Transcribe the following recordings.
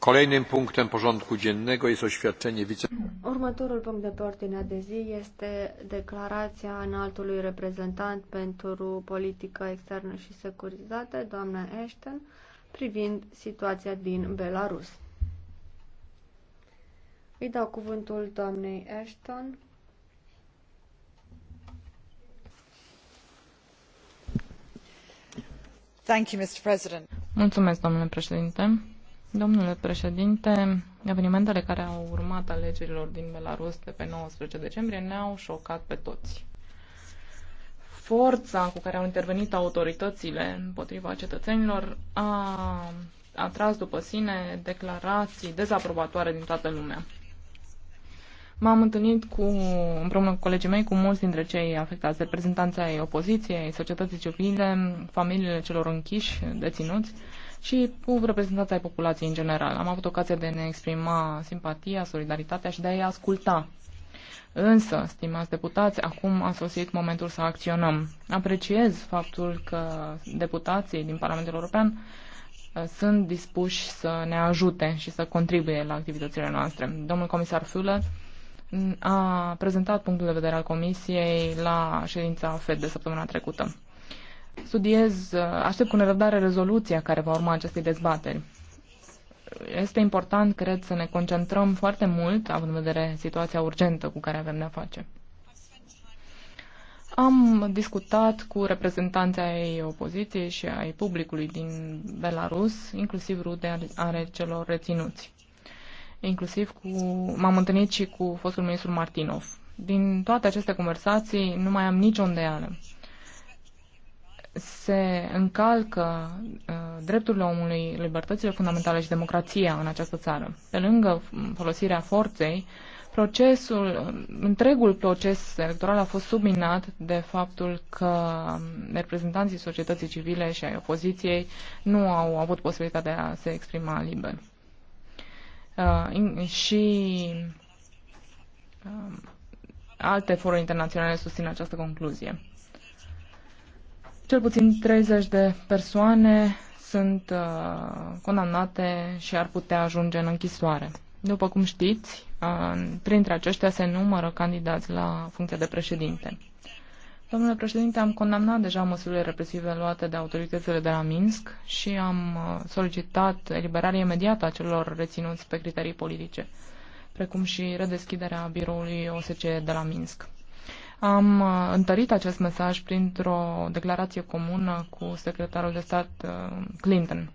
Kolejnym punctem porządku dziennego jest oświadczenie wice... Următorul punct de pe ordinea de zi este declarația înaltului reprezentant pentru politică externă și securizată, doamna Ashton, privind situația din Belarus. Îi dau cuvântul doamnei Ashton. Thank you, Mr. President. Mulțumesc, domnule președinte. Domnule președinte, evenimentele care au urmat alegerilor din Belarus de pe 19 decembrie ne-au șocat pe toți. Forța cu care au intervenit autoritățile împotriva cetățenilor a atras după sine declarații dezaprobatoare din toată lumea. M-am întâlnit cu, împreună cu colegii mei cu mulți dintre cei afectați, reprezentanții ai opoziției, societății civile, familiile celor închiși, deținuți, și cu reprezentanța ai populației în general. Am avut ocazia de ne exprima simpatia, solidaritatea și de a-i asculta. Însă, stimați deputați, acum a sosit momentul să acționăm. Apreciez faptul că deputații din Parlamentul European uh, sunt dispuși să ne ajute și să contribuie la activitățile noastre. Domnul comisar Fulă a prezentat punctul de vedere al Comisiei la ședința FED de săptămâna trecută studiez, aștept cu nerăbdare rezoluția care va urma acestei dezbateri. Este important, cred, să ne concentrăm foarte mult, având în vedere situația urgentă cu care avem de-a face. Am discutat cu reprezentanții ai opoziției și ai publicului din Belarus, inclusiv rude ale celor reținuți. Inclusiv cu, m-am întâlnit și cu fostul ministru Martinov. Din toate aceste conversații nu mai am nicio îndeală se încalcă uh, drepturile omului, libertățile fundamentale și democrația în această țară. Pe lângă folosirea forței, procesul, uh, întregul proces electoral a fost subminat de faptul că um, reprezentanții societății civile și ai opoziției nu au avut posibilitatea de a se exprima liber. Uh, și uh, alte foruri internaționale susțin această concluzie. Cel puțin 30 de persoane sunt uh, condamnate și ar putea ajunge în închisoare. După cum știți, uh, printre aceștia se numără candidați la funcția de președinte. Domnule președinte, am condamnat deja măsurile represive luate de autoritățile de la Minsk și am uh, solicitat eliberarea imediată a celor reținuți pe criterii politice, precum și redeschiderea biroului OSCE de la Minsk. Am uh, întărit acest mesaj printr-o declarație comună cu secretarul de stat uh, Clinton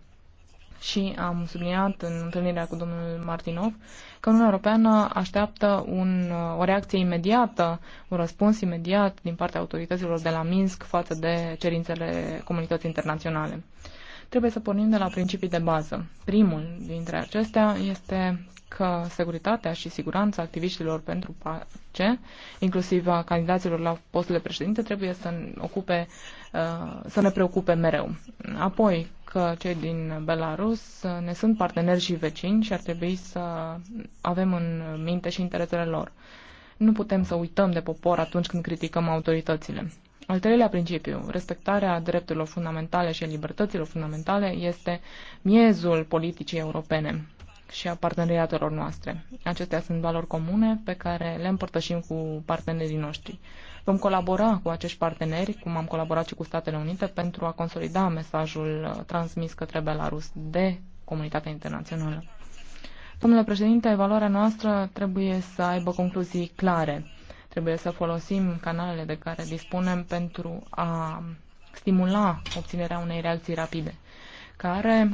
și am subliniat în întâlnirea cu domnul Martinov că Uniunea Europeană așteaptă un, uh, o reacție imediată, un răspuns imediat din partea autorităților de la Minsk față de cerințele comunității internaționale trebuie să pornim de la principii de bază. Primul dintre acestea este că securitatea și siguranța activiștilor pentru pace, inclusiv a candidaților la de președinte, trebuie să, ocupe, uh, să ne preocupe mereu. Apoi că cei din Belarus ne sunt parteneri și vecini și ar trebui să avem în minte și interesele lor. Nu putem să uităm de popor atunci când criticăm autoritățile. Al treilea principiu, respectarea drepturilor fundamentale și a libertăților fundamentale este miezul politicii europene și a parteneriatelor noastre. Acestea sunt valori comune pe care le împărtășim cu partenerii noștri. Vom colabora cu acești parteneri, cum am colaborat și cu Statele Unite, pentru a consolida mesajul transmis către Belarus de comunitatea internațională. Domnule președinte, evaluarea noastră trebuie să aibă concluzii clare Trebuie să folosim canalele de care dispunem pentru a stimula obținerea unei reacții rapide, care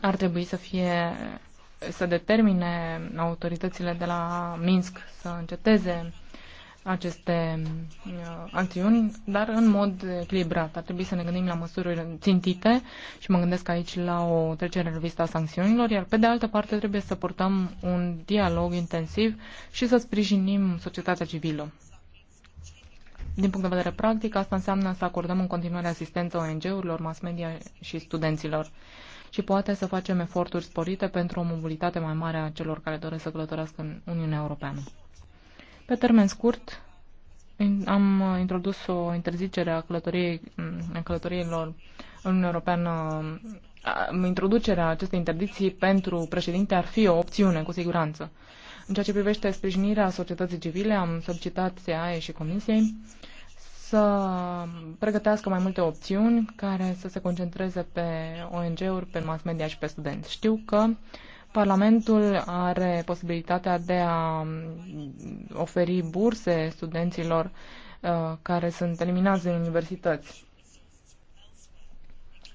ar trebui să fie să determine autoritățile de la Minsk să înceteze aceste uh, acțiuni, dar în mod echilibrat. Ar trebui să ne gândim la măsuri țintite și mă gândesc aici la o trecere în revista sancțiunilor, iar pe de altă parte trebuie să portăm un dialog intensiv și să sprijinim societatea civilă. Din punct de vedere practic, asta înseamnă să acordăm în continuare asistență ONG-urilor, mass media și studenților și poate să facem eforturi sporite pentru o mobilitate mai mare a celor care doresc să călătorească în Uniunea Europeană. Pe termen scurt, am introdus o interzicere a călătoriei, mm, a călătoriilor în Uniunea Europeană. Introducerea acestei interdicții pentru președinte ar fi o opțiune, cu siguranță. În ceea ce privește sprijinirea societății civile, am solicitat SEAE și Comisiei să pregătească mai multe opțiuni care să se concentreze pe ONG-uri, pe mass media și pe studenți. Știu că uh, Parlamentul are posibilitatea de a mm, oferi burse studenților uh, care sunt eliminați din universități.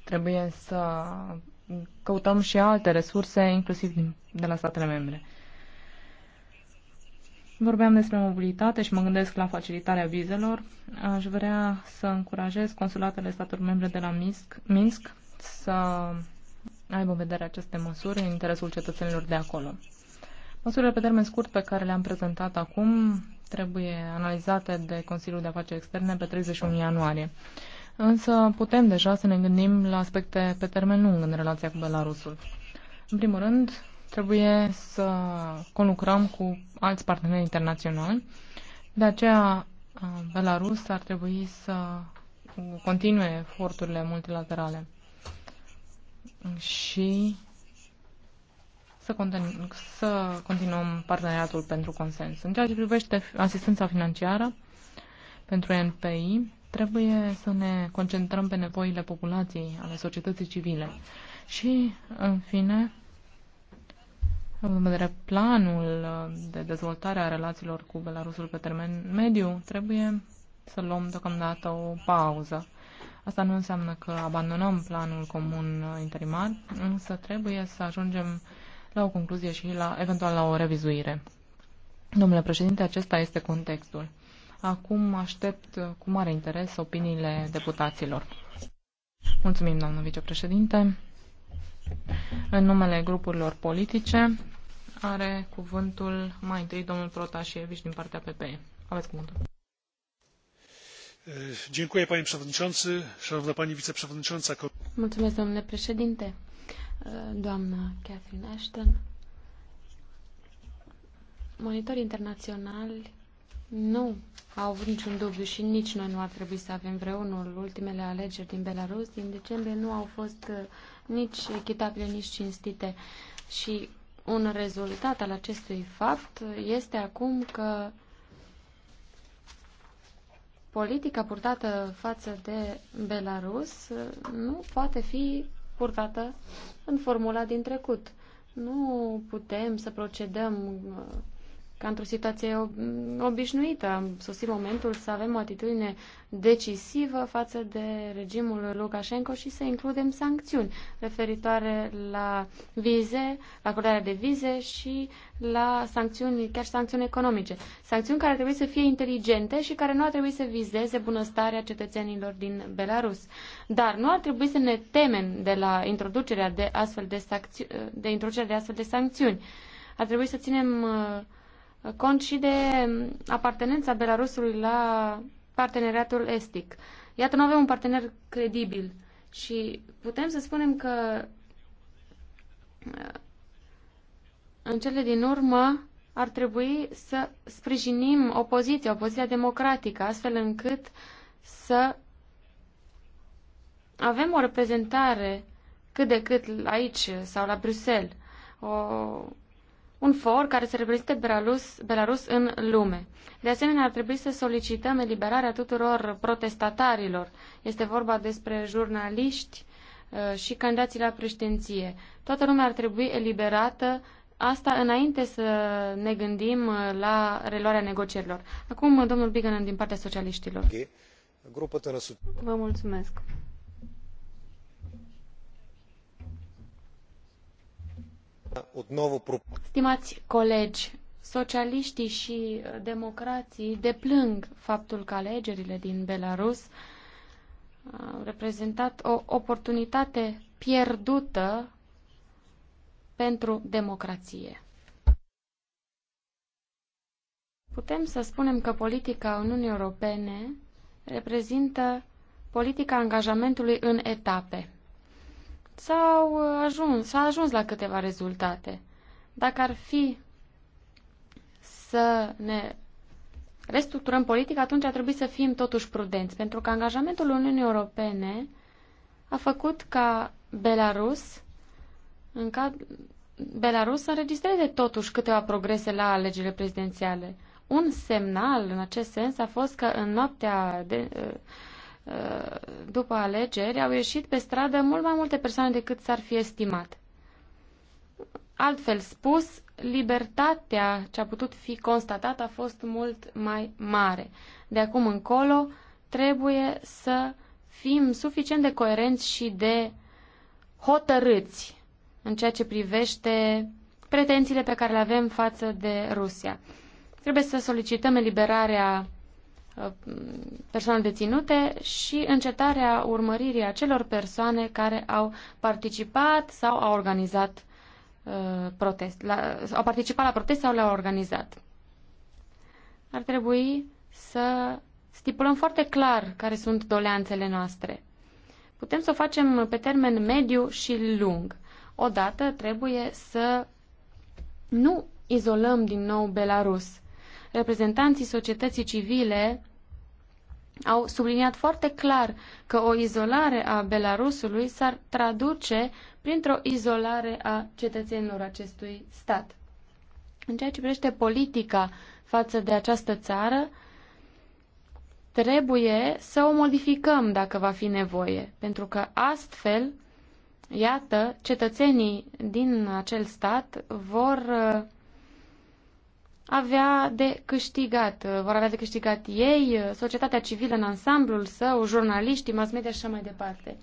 Trebuie să căutăm și alte resurse, inclusiv de la statele membre. Vorbeam despre mobilitate și mă gândesc la facilitarea vizelor. Aș vrea să încurajez consulatele statelor membre de la Minsk, Minsk să aibă în vedere aceste măsuri în interesul cetățenilor de acolo. Măsurile pe termen scurt pe care le-am prezentat acum trebuie analizate de Consiliul de Afaceri Externe pe 31 ianuarie. Însă putem deja să ne gândim la aspecte pe termen lung în relația cu Belarusul. În primul rând, trebuie să conlucrăm cu alți parteneri internaționali. De aceea, Belarus ar trebui să continue eforturile multilaterale și să, continu- să continuăm parteneriatul pentru consens. În ceea ce privește asistența financiară pentru NPI, trebuie să ne concentrăm pe nevoile populației, ale societății civile. Și, în fine, în vedere planul de dezvoltare a relațiilor cu Belarusul pe termen mediu, trebuie să luăm deocamdată o pauză. Asta nu înseamnă că abandonăm planul comun interimar, însă trebuie să ajungem la o concluzie și la, eventual la o revizuire. Domnule președinte, acesta este contextul. Acum aștept cu mare interes opiniile deputaților. Mulțumim, doamnă vicepreședinte. În numele grupurilor politice are cuvântul mai întâi domnul Protașievici din partea PPE. Aveți cuvântul domnule președinte, doamnă Catherine Ashton. Monitorii internaționali nu au avut niciun dubiu și nici noi nu ar trebui să avem vreunul. Ultimele alegeri din Belarus din decembrie nu au fost nici echitabile, nici cinstite. Și un rezultat al acestui fapt este acum că politica purtată față de Belarus uh, nu poate fi purtată în formula din trecut. Nu putem să procedăm uh, ca într-o situație obișnuită. Sosit momentul să avem o atitudine decisivă față de regimul Lukashenko și să includem sancțiuni referitoare la vize, la acordarea de vize și la sancțiuni, chiar și sancțiuni economice. Sancțiuni care trebuie să fie inteligente și care nu ar trebui să vizeze bunăstarea cetățenilor din Belarus. Dar nu ar trebui să ne temem de la introducerea de astfel de, sancțiuni, de, introducerea de astfel de sancțiuni. Ar trebui să ținem uh, cont și de apartenența Belarusului la parteneriatul estic. Iată, nu avem un partener credibil și putem să spunem că uh, în cele din urmă ar trebui să sprijinim opoziția, opoziția democratică, astfel încât să avem o reprezentare cât de cât aici sau la Bruxelles, o un for care să reprezinte Belarus, Belarus în lume. De asemenea, ar trebui să solicităm eliberarea tuturor protestatarilor. Este vorba despre jurnaliști uh, și candidații la președinție. Toată lumea ar trebui eliberată asta înainte să ne gândim uh, la reluarea negocierilor. Acum, domnul Bigan din partea socialiștilor. Vă mulțumesc. Stimați colegi, socialiștii și uh, democrații deplâng faptul că alegerile din Belarus uh, au reprezentat o oportunitate pierdută pentru democrație. Putem să spunem că politica Uniunii Europene reprezintă politica angajamentului în etape s-au uh, ajuns, s-a ajuns la câteva rezultate. Dacă ar fi să ne restructurăm politic, atunci ar trebui să fim totuși prudenți, pentru că angajamentul Uniunii Europene a făcut ca Belarus în cad- Belarus să înregistreze totuși câteva progrese la alegerile prezidențiale. Un semnal în acest sens a fost că în noaptea de, uh, Uh, după alegeri, au ieșit pe stradă mult mai multe persoane decât s-ar fi estimat. Altfel spus, libertatea ce a putut fi constatată a fost mult mai mare. De acum încolo, trebuie să fim suficient de coerenți și de hotărâți în ceea ce privește pretențiile pe care le avem față de Rusia. Trebuie să solicităm eliberarea persoane deținute și încetarea urmăririi acelor persoane care au participat sau au organizat uh, protest, la, au participat la protest sau le-au organizat. Ar trebui să stipulăm foarte clar care sunt doleanțele noastre. Putem să o facem pe termen mediu și lung. Odată trebuie să nu izolăm din nou Belarus. Reprezentanții societății civile au subliniat foarte clar că o izolare a Belarusului s-ar traduce printr-o izolare a cetățenilor acestui stat. În ceea ce privește politica față de această țară, trebuie să o modificăm dacă va fi nevoie, pentru că astfel, iată, cetățenii din acel stat vor uh, avea de câștigat. Uh, vor avea de câștigat ei, uh, societatea civilă în ansamblul său, jurnaliștii, mass media și așa mai departe.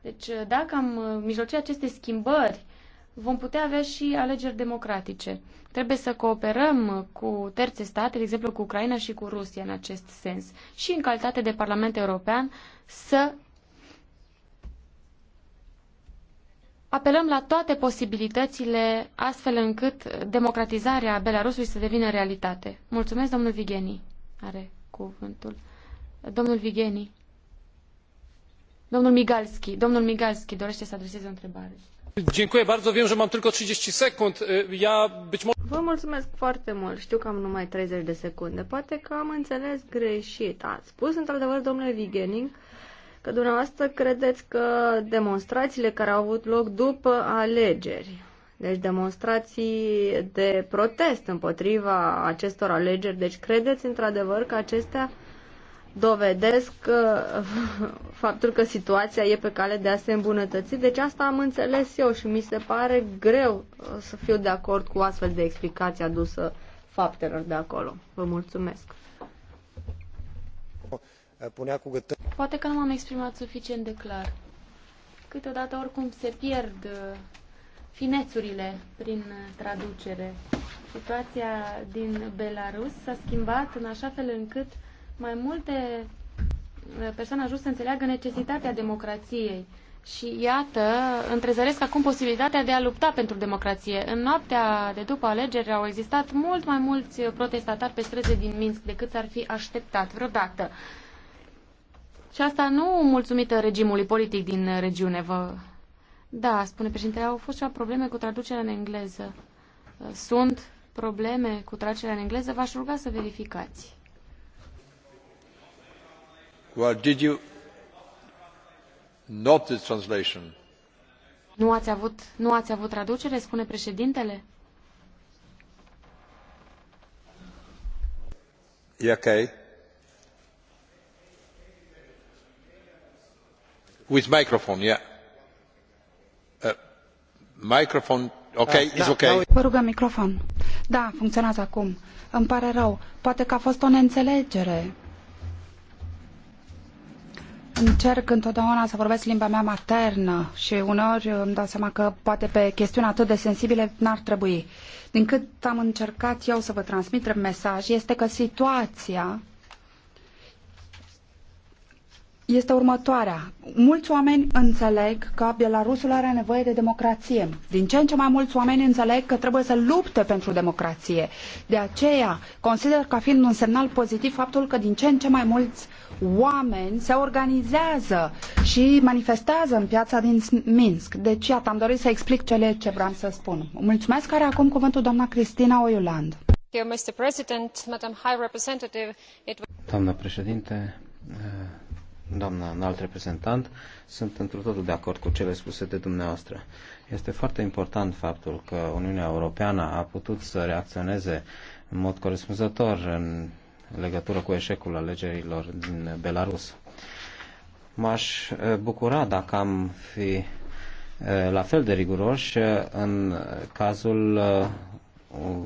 Deci uh, dacă am mijlocit aceste schimbări, vom putea avea și alegeri democratice. Trebuie să cooperăm cu terțe state, de exemplu cu Ucraina și cu Rusia în acest sens. Și în calitate de Parlament European să apelăm la toate posibilitățile astfel încât democratizarea Belarusului să devină realitate. Mulțumesc, domnul Vigeni. Are cuvântul. Domnul Vigeni. Domnul Migalski. Domnul Migalski dorește să adreseze o întrebare. Vă mulțumesc foarte mult. Știu că am numai 30 de secunde. Poate că am înțeles greșit. Ați spus într-adevăr, domnule Vigening, că dumneavoastră credeți că demonstrațiile care au avut loc după alegeri, deci demonstrații de protest împotriva acestor alegeri, deci credeți într-adevăr că acestea dovedesc că, uh, faptul că situația e pe cale de a se îmbunătăți. Deci asta am înțeles eu și mi se pare greu uh, să fiu de acord cu astfel de explicație adusă faptelor de acolo. Vă mulțumesc. Eh, punea cu Poate că nu m-am exprimat suficient de clar. Câteodată oricum se pierd eh, finețurile prin eh, traducere. Situația din Belarus s-a schimbat în așa fel încât mai multe persoane ajung să înțeleagă necesitatea democrației. Și iată, întrezăresc acum posibilitatea de a lupta pentru democrație. În noaptea de după alegeri au existat mult mai mulți protestatari pe străzi din Minsk decât s-ar fi așteptat vreodată. Și asta nu mulțumită regimului politic din regiune. Vă... Da, spune președintele, au fost ceva probleme cu traducerea în engleză. Uh, sunt probleme cu traducerea în engleză, v-aș ruga să verificați. Well, did you... Not the translation. Nu ați avut, nu ați avut traducere, spune președintele? E ok. with microphone, yeah. Uh, microphone, okay, ah, it's da, okay. Da, vă rugăm microfon. Da, funcționează acum. Îmi pare rău. Poate că a fost o neînțelegere. Încerc întotdeauna să vorbesc limba mea maternă și uneori îmi dau seama că poate pe chestiuni atât de sensibile n-ar trebui. Din cât am încercat eu să vă transmit mesaj, este că situația este următoarea. Mulți oameni înțeleg că Belarusul are nevoie de democrație. Din ce în ce mai mulți oameni înțeleg că trebuie să lupte pentru democrație. De aceea consider ca fiind un semnal pozitiv faptul că din ce în ce mai mulți oameni se organizează și manifestează în piața din Minsk. Deci, iată, am dorit să explic cele ce vreau să spun. Mulțumesc, care acum cuvântul doamna Cristina Oiuland. Doamna președinte, doamna înalt reprezentant, sunt într totul de acord cu cele spuse de dumneavoastră. Este foarte important faptul că Uniunea Europeană a putut să reacționeze în mod corespunzător în legătură cu eșecul alegerilor din Belarus. M-aș bucura dacă am fi la fel de riguroși în cazul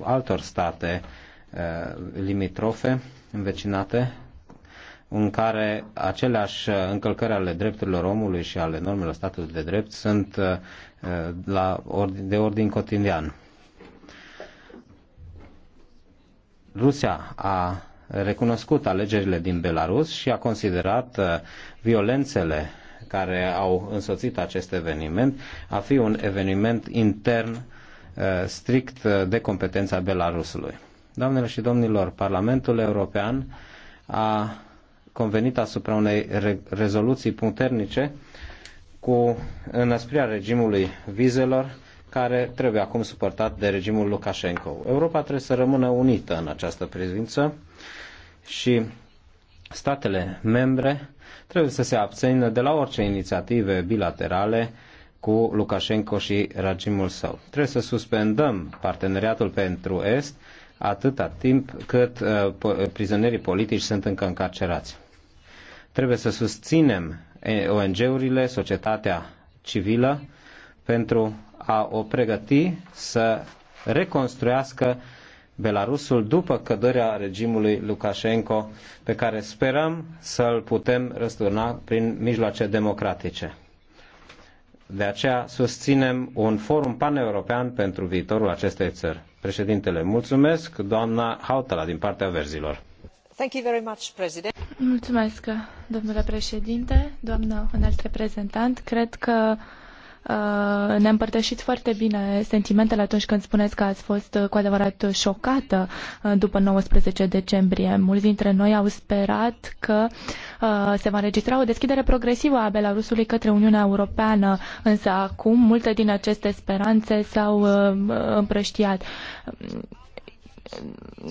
altor state limitrofe, învecinate în care aceleași încălcări ale drepturilor omului și ale normelor statului de drept sunt uh, la ordin, de ordin cotidian. Rusia a recunoscut alegerile din Belarus și a considerat uh, violențele care au însoțit acest eveniment a fi un eveniment intern uh, strict de competența Belarusului. Doamnelor și domnilor, Parlamentul European a convenit asupra unei re- rezoluții puternice cu înăsprirea regimului vizelor care trebuie acum suportat de regimul Lukashenko. Europa trebuie să rămână unită în această privință și statele membre trebuie să se abțină de la orice inițiative bilaterale cu Lukashenko și regimul său. Trebuie să suspendăm parteneriatul pentru Est atâta timp cât uh, prizonierii politici sunt încă încarcerați. Trebuie să susținem ONG-urile, societatea civilă, pentru a o pregăti să reconstruiască Belarusul după căderea regimului Lukashenko, pe care sperăm să-l putem răsturna prin mijloace democratice. De aceea susținem un forum paneuropean pentru viitorul acestei țări. Președintele, mulțumesc, doamna Hautala din partea verzilor. Mulțumesc, domnule președinte, doamnă înalt reprezentant. Cred că uh, ne împărtășiți foarte bine sentimentele atunci când spuneți că ați fost cu adevărat șocată uh, după 19 decembrie. Mulți dintre noi au sperat că uh, se va înregistra o deschidere progresivă a Belarusului către Uniunea Europeană, însă acum multe din aceste speranțe s-au împrăștiat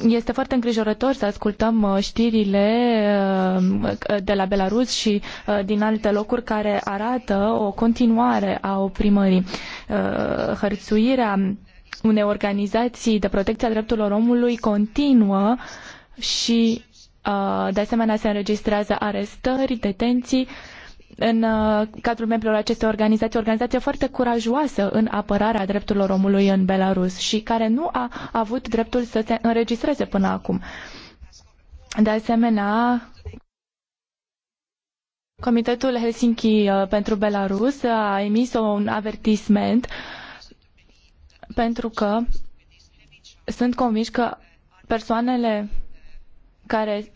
este foarte îngrijorător să ascultăm uh, știrile uh, de la Belarus și uh, din alte locuri care arată o continuare a oprimării. Hărțuirea unei organizații de protecție a drepturilor omului continuă și de asemenea se înregistrează arestări, detenții în uh, cadrul membrilor acestei organizații, o organizație foarte curajoasă în apărarea drepturilor omului în Belarus și care nu a avut dreptul să se înregistreze până acum. De asemenea, Comitetul Helsinki uh, pentru Belarus a emis un avertisment pentru că sunt convinși că persoanele care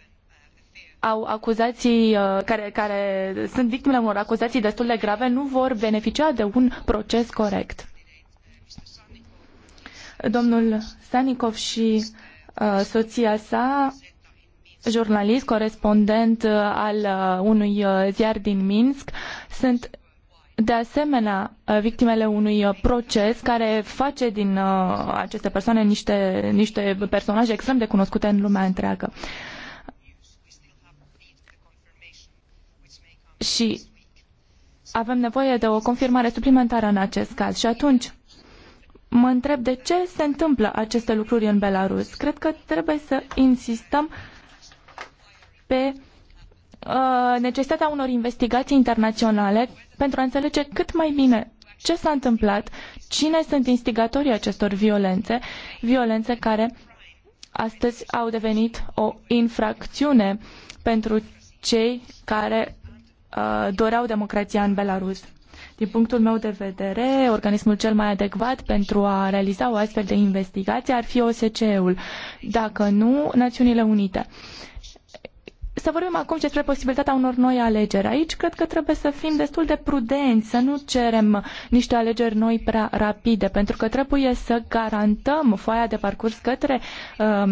au acuzații, uh, care, care sunt victimele unor acuzații destul de grave, nu vor beneficia de un proces corect. Domnul Sanikov și uh, soția sa, jurnalist, corespondent uh, al uh, unui uh, ziar din Minsk, sunt de asemenea victimele unui proces care face din aceste persoane niște, niște personaje extrem de cunoscute în lumea întreagă. Uh, și avem nevoie de o confirmare suplimentară în acest caz. Și atunci mă întreb de ce se întâmplă aceste lucruri în Belarus. Cred că trebuie să insistăm pe uh, necesitatea unor investigații internaționale pentru a înțelege cât mai bine ce s-a întâmplat, cine sunt instigatorii acestor violențe, violențe care astăzi au devenit o infracțiune pentru cei care Uh, doreau democrația în Belarus. Din punctul meu de vedere, organismul cel mai adecvat pentru a realiza o astfel de investigație ar fi OSCE-ul, dacă nu, Națiunile Unite. Uh, să vorbim acum despre posibilitatea unor noi alegeri. Aici cred că trebuie să fim destul de prudenți, să nu cerem niște alegeri noi prea rapide, pentru că trebuie să garantăm foaia de parcurs către um,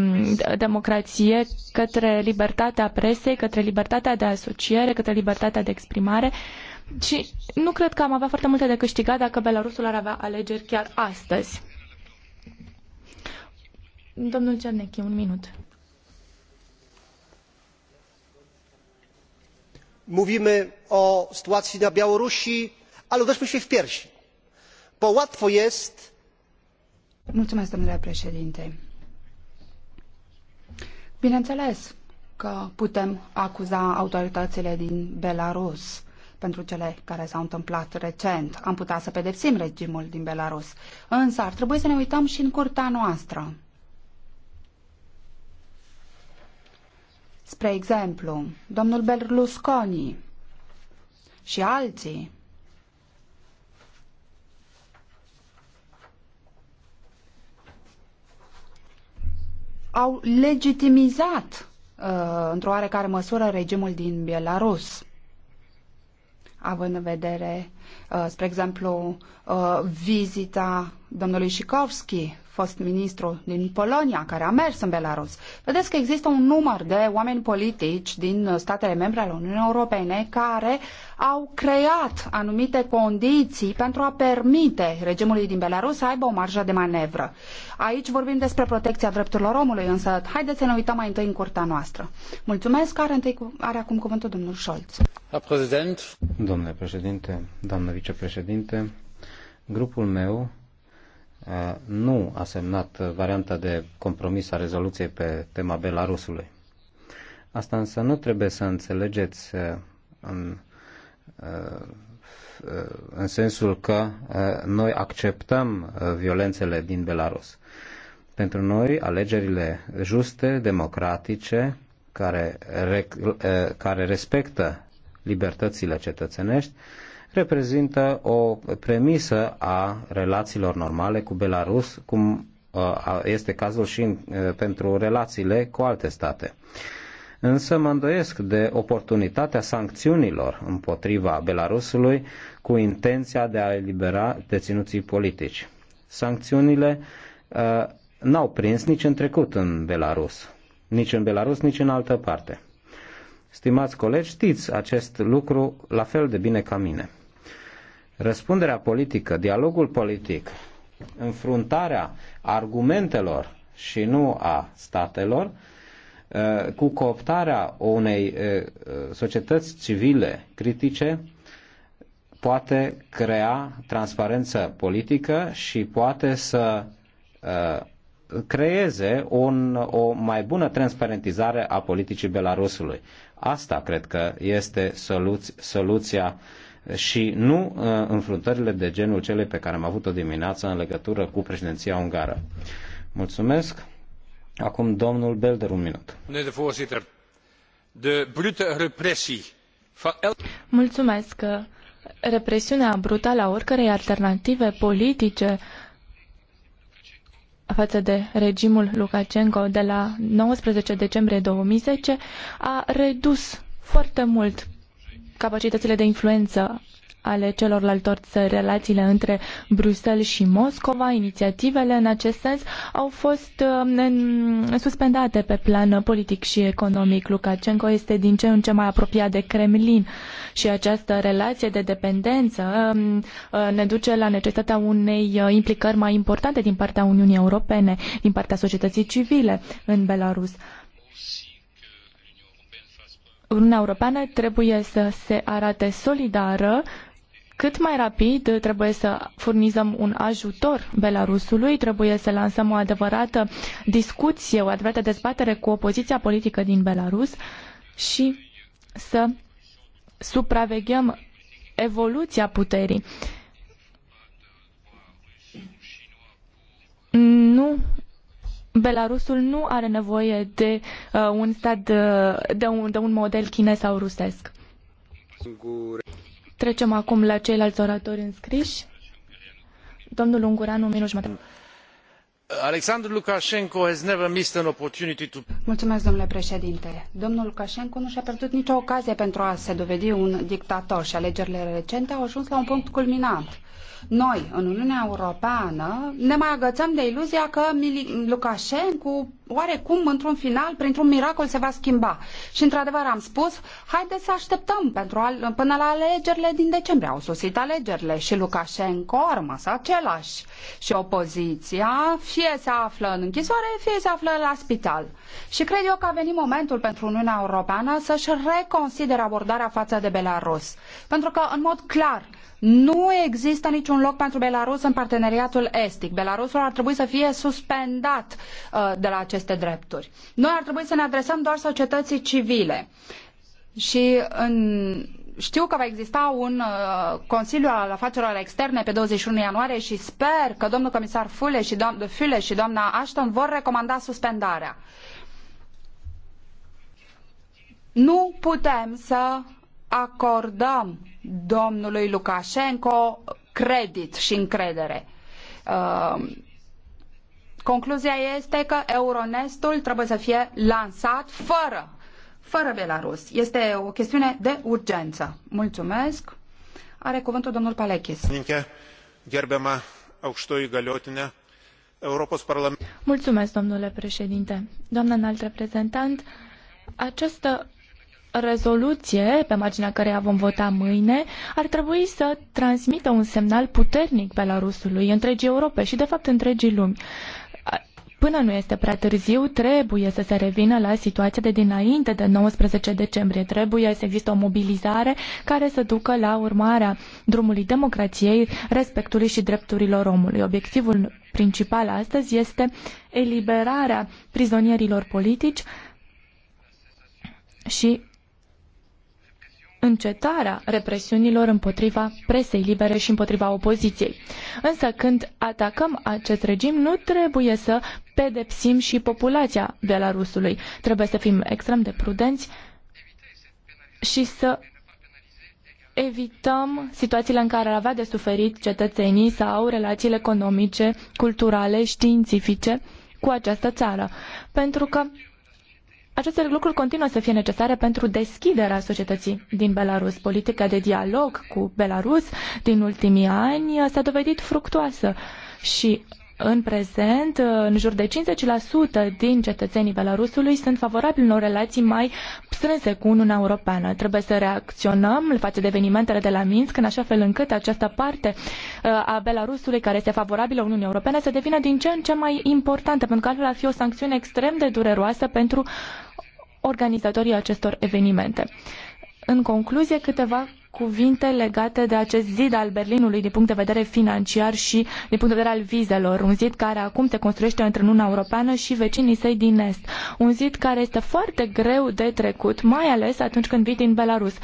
democrație, către libertatea presei, către libertatea de asociere, către libertatea de exprimare. Și nu cred că am avea foarte multe de câștigat dacă Belarusul ar avea alegeri chiar astăzi. Domnul Cernechi, un minut. mówimy o sytuacji na białorusi ale uderzmy się w piersi bo łatwo jest bineîneles că putem acuza autoritățile din belarus pentru cele care s-au întâmplat recent. Am putea să pedepsim regimul din Belarus. Însă ar trebui să ne uităm și în curtea noastră. Spre exemplu, domnul Berlusconi și alții au legitimizat uh, într-o oarecare măsură regimul din Belarus având în vedere, uh, spre exemplu, uh, vizita domnului Șikovski fost ministru din Polonia, care a mers în Belarus. Vedeți că există un număr de oameni politici din statele membre ale Uniunii Europene care au creat anumite condiții pentru a permite regimului din Belarus să aibă o marjă de manevră. Aici vorbim despre protecția drepturilor omului, însă haideți să ne uităm mai întâi în curtea noastră. Mulțumesc, are, întâi, are acum cuvântul domnul Scholz. Domnule președinte, doamnă vicepreședinte, grupul meu nu a semnat varianta de compromis a rezoluției pe tema Belarusului. Asta însă nu trebuie să înțelegeți în, în sensul că noi acceptăm violențele din Belarus. Pentru noi, alegerile juste, democratice, care, care respectă libertățile cetățenești, reprezintă o premisă a relațiilor normale cu Belarus, cum uh, este cazul și uh, pentru relațiile cu alte state. Însă mă îndoiesc de oportunitatea sancțiunilor împotriva Belarusului cu intenția de a elibera deținuții politici. Sancțiunile uh, n-au prins nici în trecut în Belarus, nici în Belarus, nici în altă parte. Stimați colegi, știți acest lucru la fel de bine ca mine. Răspunderea politică, dialogul politic, înfruntarea argumentelor și nu a statelor, uh, cu cooptarea unei uh, uh, societăți civile critice, poate crea transparență politică și poate să creeze un, o mai bună transparentizare a politicii Belarusului. Asta cred că este soluț, soluția și nu uh, înfruntările de genul cele pe care am avut-o dimineață în legătură cu președinția ungară. Mulțumesc. Acum domnul Belder, un minut. Mulțumesc. că Represiunea brutală a oricărei alternative politice față de regimul Lukashenko de la 19 decembrie 2010 a redus foarte mult capacitățile de influență ale celorlalte țări, relațiile între Bruxelles și Moscova, inițiativele în acest sens au fost uh, suspendate pe plan politic și economic. Lukashenko este din ce în ce mai apropiat de Kremlin și această relație de dependență um, uh, ne duce la necesitatea unei uh, implicări mai importante din partea Uniunii Europene, din partea societății civile în Belarus. Uniunea Europeană trebuie să se arate solidară cât mai rapid trebuie să furnizăm un ajutor Belarusului, trebuie să lansăm o adevărată discuție, o adevărată dezbatere cu opoziția politică din Belarus și să supraveghem evoluția puterii. Nu Belarusul nu are nevoie de uh, un stat de, uh, de, un, de un model chinez sau rusesc. Trecem acum la ceilalți oratori înscriși. Domnul Ungureanu, minut jumătate. Alexandru Lukashenko has never missed an opportunity to... Mulțumesc, domnule președinte. Domnul Lukashenko nu și-a pierdut nicio ocazie pentru a se dovedi un dictator și alegerile recente au ajuns la un punct culminant noi, în Uniunea Europeană, ne mai agățăm de iluzia că Lukashenko, oarecum, într-un final, printr-un miracol, se va schimba. Și, într-adevăr, am spus, haideți să așteptăm pentru al- până la alegerile din decembrie. Au sosit alegerile și Lukashenko a rămas același. Și opoziția fie se află în închisoare, fie se află la spital. Și cred eu că a venit momentul pentru Uniunea Europeană să-și reconsidere abordarea față de Belarus. Pentru că, în mod clar, nu există niciun loc pentru Belarus în parteneriatul estic. Belarusul ar trebui să fie suspendat uh, de la aceste drepturi. Noi ar trebui să ne adresăm doar societății civile. Și în știu că va exista un uh, Consiliu al Afacerilor Externe pe 21 ianuarie și sper că domnul comisar Fule și, doam- Fule și doamna Ashton vor recomanda suspendarea. Nu putem să acordăm domnului Lukashenko credit și încredere. Uh, concluzia este că Euronestul trebuie să fie lansat fără, fără Belarus. Este o chestiune de urgență. Mulțumesc. Are cuvântul domnul Palechis. aukštoji galiotinė, Europos Mulțumesc, domnule președinte. Doamna înalt reprezentant, această rezoluție pe marginea căreia vom vota mâine ar trebui să transmită un semnal puternic Belarusului, întregii Europe și, de fapt, întregii lumi. Până nu este prea târziu, trebuie să se revină la situația de dinainte de 19 decembrie. Trebuie să existe o mobilizare care să ducă la urmarea drumului democrației, respectului și drepturilor omului. Obiectivul principal astăzi este eliberarea prizonierilor politici și încetarea represiunilor împotriva presei libere și împotriva opoziției. Însă când atacăm acest regim, nu trebuie să pedepsim și populația Belarusului. Trebuie să fim extrem de prudenți și să evităm situațiile în care ar avea de suferit cetățenii sau relațiile economice, culturale, științifice cu această țară. Pentru că aceste lucruri continuă să fie necesare pentru deschiderea societății din Belarus. Politica de dialog cu Belarus din ultimii ani s-a dovedit fructuoasă și în prezent, în jur de 50% din cetățenii Belarusului sunt favorabili unor relații mai strânse cu Uniunea Europeană. Trebuie să reacționăm față de evenimentele de la Minsk în așa fel încât această parte uh, a Belarusului care este favorabilă Uniunii Europene să devină din ce în ce mai importantă, pentru că altfel ar fi o sancțiune extrem de dureroasă pentru organizatorii acestor evenimente. În concluzie, câteva cuvinte legate de acest zid al Berlinului din punct de vedere financiar și din punct de vedere al vizelor. Un zid care acum se construiește între Uniunea Europeană și vecinii săi din Est. Un zid care este foarte greu de trecut, mai ales atunci când vii din Belarus.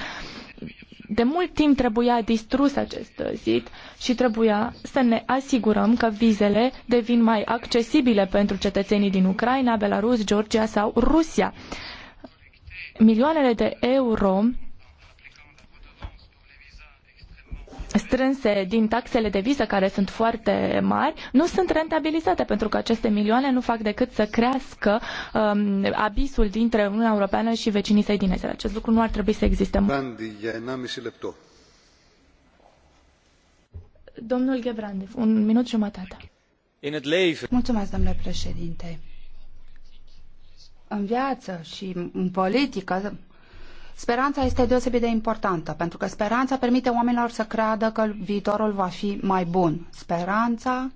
De mult timp trebuia distrus acest zid și trebuia să ne asigurăm că vizele devin mai accesibile pentru cetățenii din Ucraina, Belarus, Georgia sau Rusia. Milioanele de euro strânse din taxele de viză, care sunt foarte mari, nu sunt rentabilizate, pentru că aceste milioane nu fac decât să crească um, abisul dintre Uniunea Europeană și vecinii săi din Est. Acest lucru nu ar trebui să existe. Domnul Gebrandev, un minut jumătate. Mulțumesc, domnule președinte. În viață și în politică, Speranța este deosebit de importantă, pentru că speranța permite oamenilor să creadă că viitorul va fi mai bun. Speranța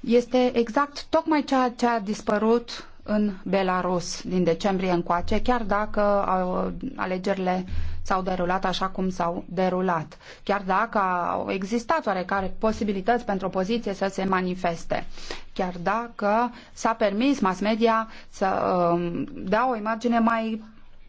este exact tocmai ceea ce a dispărut în Belarus din decembrie încoace, chiar dacă uh, alegerile s-au derulat așa cum s-au derulat, chiar dacă au existat oarecare posibilități pentru opoziție să se manifeste, chiar dacă s-a permis mass media să um, dea o imagine mai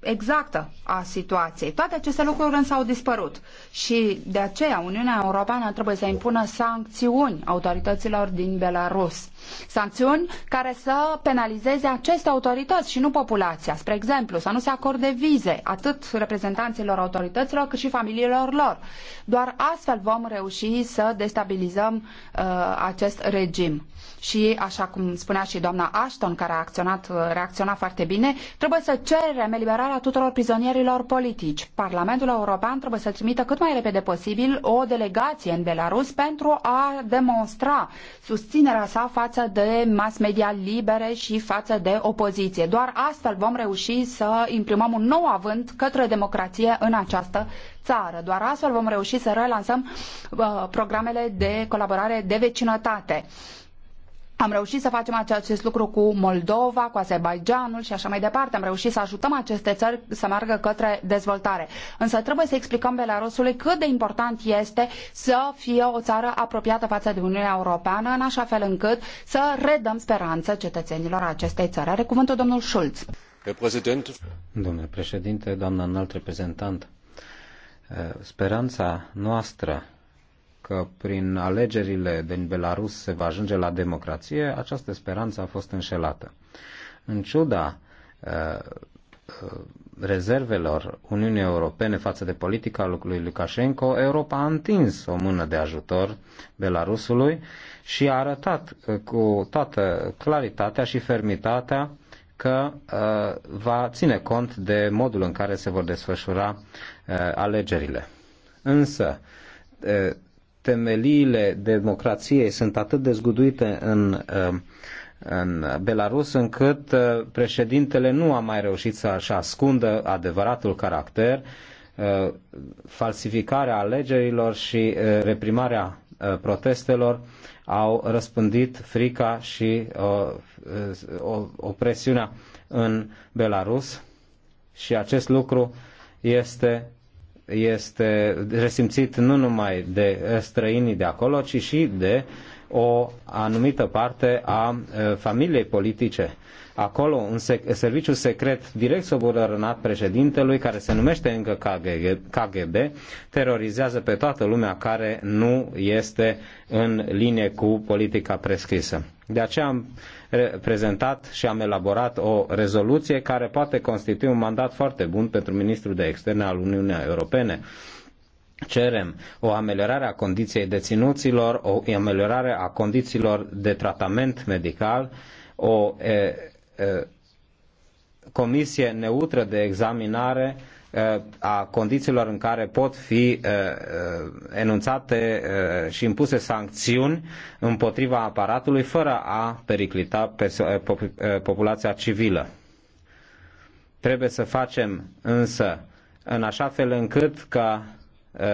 exactă a situației. Toate aceste lucruri însă au dispărut și de aceea Uniunea Europeană trebuie să impună sancțiuni autorităților din Belarus Sancțiuni care să penalizeze aceste autorități și nu populația. Spre exemplu, să nu se acorde vize atât reprezentanților autorităților cât și familiilor lor. Doar astfel vom reuși să destabilizăm uh, acest regim. Și, așa cum spunea și doamna Ashton, care a acționat, uh, reacționat foarte bine, trebuie să cerem eliberarea tuturor prizonierilor politici. Parlamentul European trebuie să trimită cât mai repede posibil o delegație în Belarus pentru a demonstra susținerea sa față față de mass media libere și față de opoziție. Doar astfel vom reuși să imprimăm un nou avânt către democrație în această țară. Doar astfel vom reuși să relansăm uh, programele de colaborare de vecinătate. Uh, am reușit să facem acest lucru cu Moldova, cu Azerbaijanul și așa mai departe. Am reușit să ajutăm aceste țări să meargă către dezvoltare. Însă trebuie să explicăm Belarusului cât de important este să fie o țară apropiată față de Uniunea Europeană, în așa fel încât să redăm speranță cetățenilor acestei țări. Are cuvântul domnul Schulz. Domnule președinte, doamna înalt reprezentant, eh, speranța noastră că prin alegerile din Belarus se va ajunge la democrație, această speranță a fost înșelată. În ciuda uh, uh, rezervelor Uniunii Europene față de politica lui Lukashenko, Europa a întins o mână de ajutor Belarusului și a arătat uh, cu toată claritatea și fermitatea că uh, va ține cont de modul în care se vor desfășura uh, alegerile. Însă, uh, temeliile democrației sunt atât de zguduite în, uh, în Belarus încât uh, președintele nu a mai reușit să-și ascundă adevăratul caracter, uh, falsificarea alegerilor și reprimarea protestelor au răspândit frica și opresiunea în Belarus și acest lucru este este resimțit nu numai de străinii de acolo, ci și de o anumită parte a familiei politice. Acolo un sec- serviciu secret direct subordonat președintelui, care se numește încă KGB, terorizează pe toată lumea care nu este în linie cu politica prescrisă. De aceea am prezentat și am elaborat o rezoluție care poate constitui un mandat foarte bun pentru ministrul de externe al Uniunii Europene. Cerem o ameliorare a condiției deținuților, o ameliorare a condițiilor de tratament medical, o e, e, comisie neutră de examinare Uh, a condițiilor în care pot fi uh, uh, enunțate și impuse sancțiuni împotriva aparatului fără a periclita populația civilă. Trebuie să facem însă în așa fel încât ca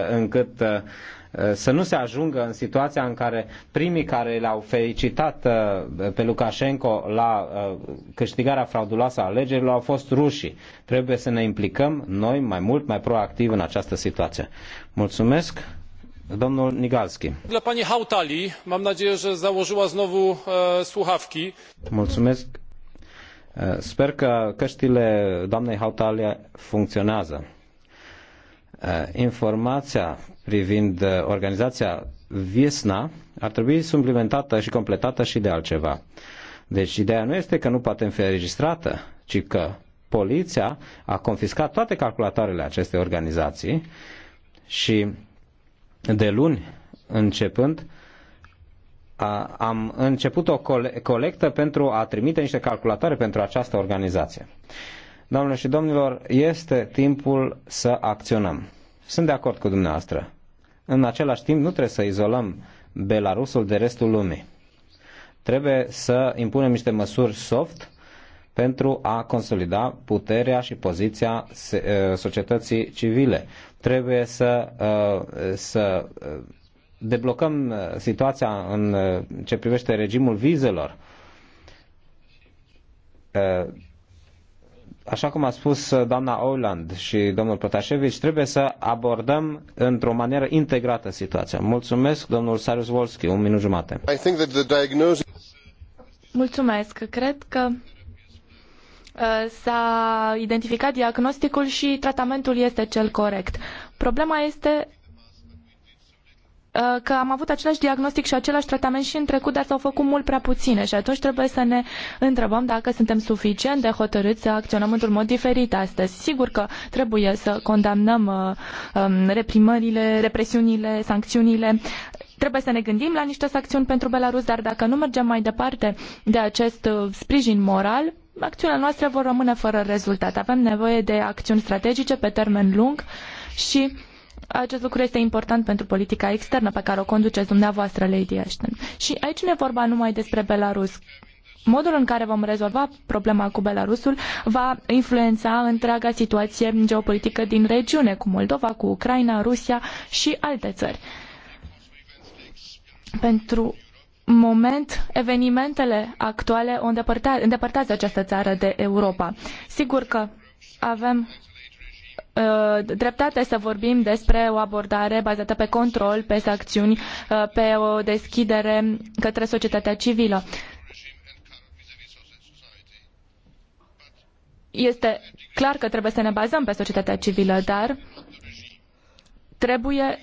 încât Eh, să nu se ajungă în situația în care primii care l-au felicitat eh, pe Lukashenko la eh, câștigarea frauduloasă a alegerilor au fost rușii. Trebuie să ne implicăm noi mai mult, mai proactiv în această situație. Mulțumesc. Domnul Nigalski. Dla pani Hautali, mam nadzieję, że założyła znowu słuchawki. Mulțumesc. Sper că căștile doamnei Hautali funcționează informația privind uh, organizația Viesna ar trebui suplimentată și completată și de altceva. Deci ideea nu este că nu poate fi registrată, ci că poliția a confiscat toate calculatoarele acestei organizații și de luni începând a, am început o cole- colectă pentru a trimite niște calculatoare pentru această organizație. Doamnelor și domnilor, este timpul să acționăm. Sunt de acord cu dumneavoastră în același timp nu trebuie să izolăm Belarusul de restul lumii. Trebuie să impunem niște măsuri soft pentru a consolida puterea și poziția societății civile. Trebuie să, să deblocăm situația în ce privește regimul vizelor așa cum a spus uh, doamna Oland și domnul Protasevici, trebuie să abordăm într-o manieră integrată situația. Mulțumesc, domnul Sarius Wolski, un minut jumate. Diagnosis... Mulțumesc. Cred că uh, s-a identificat diagnosticul și tratamentul este cel corect. Problema este Uh, că am avut același diagnostic și același tratament și în trecut, dar s-au făcut mult prea puține și atunci trebuie să ne întrebăm dacă suntem suficient de hotărâți să acționăm într-un mod diferit astăzi. Sigur că trebuie să condamnăm uh, um, reprimările, represiunile, sancțiunile, trebuie să ne gândim la niște sancțiuni pentru Belarus, dar dacă nu mergem mai departe de acest uh, sprijin moral, acțiunile noastre vor rămâne fără rezultat. Avem nevoie de acțiuni strategice pe termen lung și acest lucru este important pentru politica externă pe care o conduceți dumneavoastră, Lady Ashton. Și aici nu e vorba numai despre Belarus. Modul în care vom rezolva problema cu Belarusul va influența întreaga situație geopolitică din regiune, cu Moldova, cu Ucraina, Rusia și alte țări. Pentru moment, evenimentele actuale o îndepărtează această țară de Europa. Sigur că avem Uh, dreptate să vorbim despre o abordare bazată pe control, pe sancțiuni, uh, pe o deschidere către societatea civilă. Este clar că trebuie să ne bazăm pe societatea civilă, dar trebuie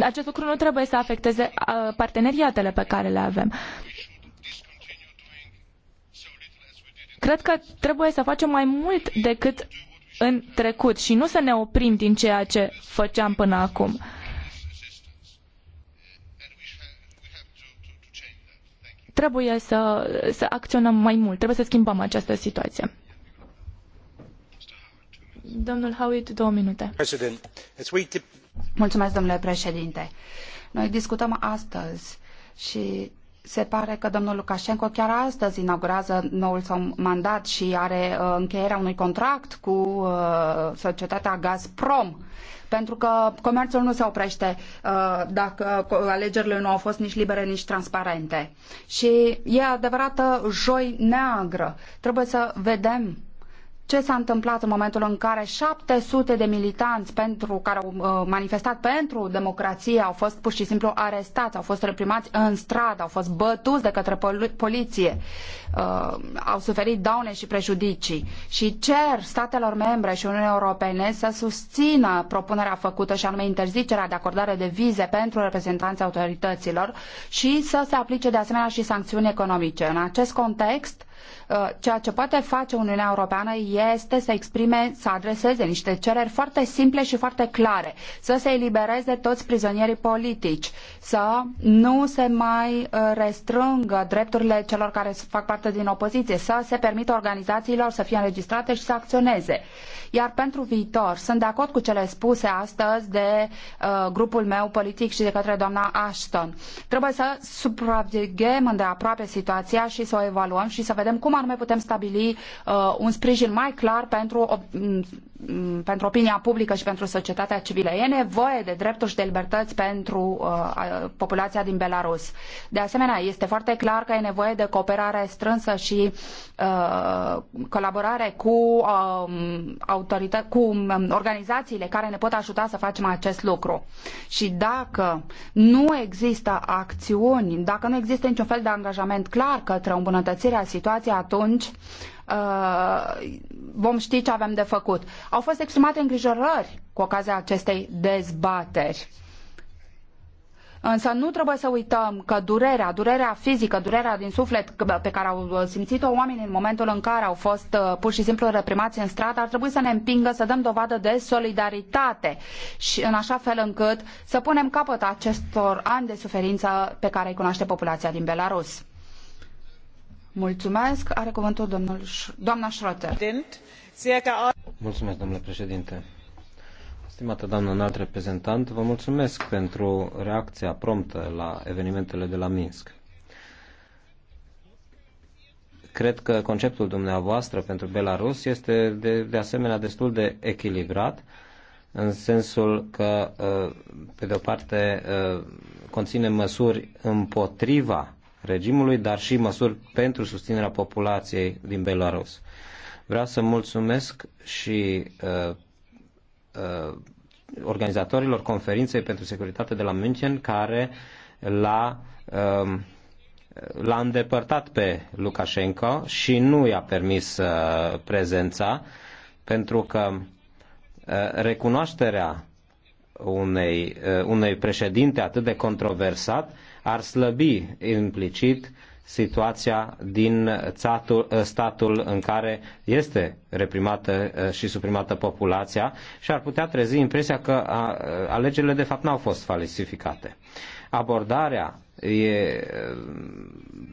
acest lucru nu trebuie să afecteze uh, parteneriatele pe care le avem. Cred că trebuie să facem mai mult decât în trecut și nu să ne oprim din ceea ce făceam până acum. Trebuie să, să acționăm mai mult, trebuie să schimbăm această situație. Domnul Howitt, două minute. Mulțumesc, domnule președinte. Noi discutăm astăzi și se pare că domnul Lukashenko chiar astăzi inaugurează noul său mandat și are uh, încheierea unui contract cu uh, societatea Gazprom pentru că comerțul nu se oprește uh, dacă alegerile nu au fost nici libere, nici transparente. Și e adevărată joi neagră. Trebuie să vedem ce s-a întâmplat în momentul în care 700 de militanți pentru, care au uh, manifestat pentru democrație au fost pur și simplu arestați, au fost reprimați în stradă, au fost bătuți de către poliție, uh, au suferit daune și prejudicii și cer statelor membre și Uniunii Europene să susțină propunerea făcută și anume interzicerea de acordare de vize pentru reprezentanții autorităților și să se aplice de asemenea și sancțiuni economice. În acest context, Uh, ceea ce poate face Uniunea Europeană este să exprime, să adreseze niște cereri foarte simple și foarte clare, să se elibereze toți prizonierii politici, să nu se mai uh, restrângă drepturile celor care fac parte din opoziție, să se permită organizațiilor să fie înregistrate și să acționeze. Iar pentru viitor, sunt de acord cu cele spuse astăzi de uh, grupul meu politic și de către doamna Ashton. Trebuie să supraveghem îndeaproape situația și să o evaluăm și să vedem vedem cum anume putem stabili uh, un sprijin mai clar pentru, um, pentru opinia publică și pentru societatea civilă. E nevoie de drepturi și de libertăți pentru uh, populația din Belarus. De asemenea, este foarte clar că e nevoie de cooperare strânsă și uh, colaborare cu, uh, cu um, organizațiile care ne pot ajuta să facem acest lucru. Și dacă nu există acțiuni, dacă nu există niciun fel de angajament clar către îmbunătățirea situației, situație, atunci uh, vom ști ce avem de făcut. Au fost exprimate îngrijorări cu ocazia acestei dezbateri. Însă nu trebuie să uităm că durerea, durerea fizică, durerea din suflet pe care au simțit-o oamenii în momentul în care au fost uh, pur și simplu reprimați în stradă ar trebui să ne împingă să dăm dovadă de solidaritate și în așa fel încât să punem capăt acestor ani de suferință pe care îi cunoaște populația din Belarus. Mulțumesc. Mulțumesc, domnule președinte. Stimată doamnă înalt reprezentant, vă mulțumesc pentru reacția promptă la evenimentele de la Minsk. Cred că conceptul dumneavoastră pentru Belarus este de, de asemenea destul de echilibrat, în sensul că, uh, pe de o parte, uh, conține măsuri împotriva regimului, dar și măsuri pentru susținerea populației din Belarus. Vreau să mulțumesc și uh, uh, organizatorilor conferinței pentru securitate de la München care l-a uh, l-a îndepărtat pe Lukashenko și nu i-a permis uh, prezența, pentru că uh, recunoașterea unei, uh, unei președinte atât de controversat ar slăbi implicit situația din statul în care este reprimată uh, și suprimată populația și ar putea trezi impresia că uh, alegerile de fapt n-au fost falsificate. Abordarea e,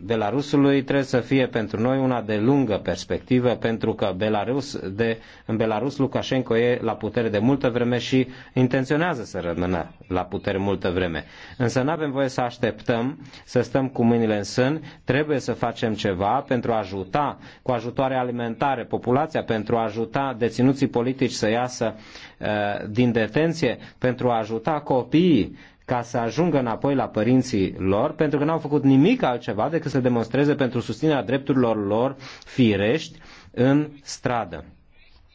Belarusului trebuie să fie pentru noi una de lungă perspectivă, pentru că Belarus, de, în Belarus Lukashenko e la putere de multă vreme și intenționează să rămână la putere multă vreme. Însă nu avem voie să așteptăm, să stăm cu mâinile în sân, trebuie să facem ceva pentru a ajuta cu ajutoare alimentare populația, pentru a ajuta deținuții politici să iasă uh, din detenție, pentru a ajuta copiii ca să ajungă înapoi la părinții lor, pentru că n-au făcut nimic altceva decât să demonstreze pentru susținerea drepturilor lor firești în stradă.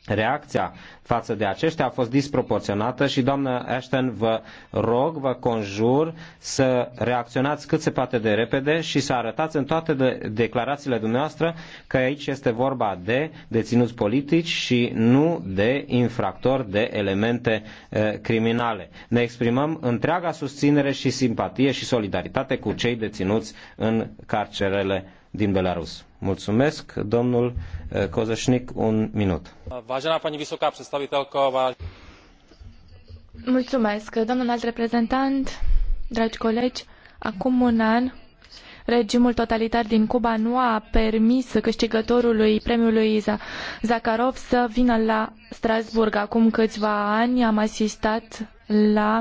Reacția față de aceștia a fost disproporționată și, doamnă Ashton, vă rog, vă conjur să reacționați cât se poate de repede și să arătați în toate de declarațiile dumneavoastră că aici este vorba de deținuți politici și nu de infractori de elemente eh, criminale. Ne exprimăm întreaga susținere și simpatie și solidaritate cu cei deținuți în carcerele din Belarus. Mulțumesc, domnul Kozășnic, eh, un minut. Vajena, pani vysoká predstaviteľko, Mulțumesc, domnul alt reprezentant, dragi colegi. Acum un an, regimul totalitar din Cuba nu a permis câștigătorului premiului Zakharov să vină la Strasbourg. Acum câțiva ani am asistat la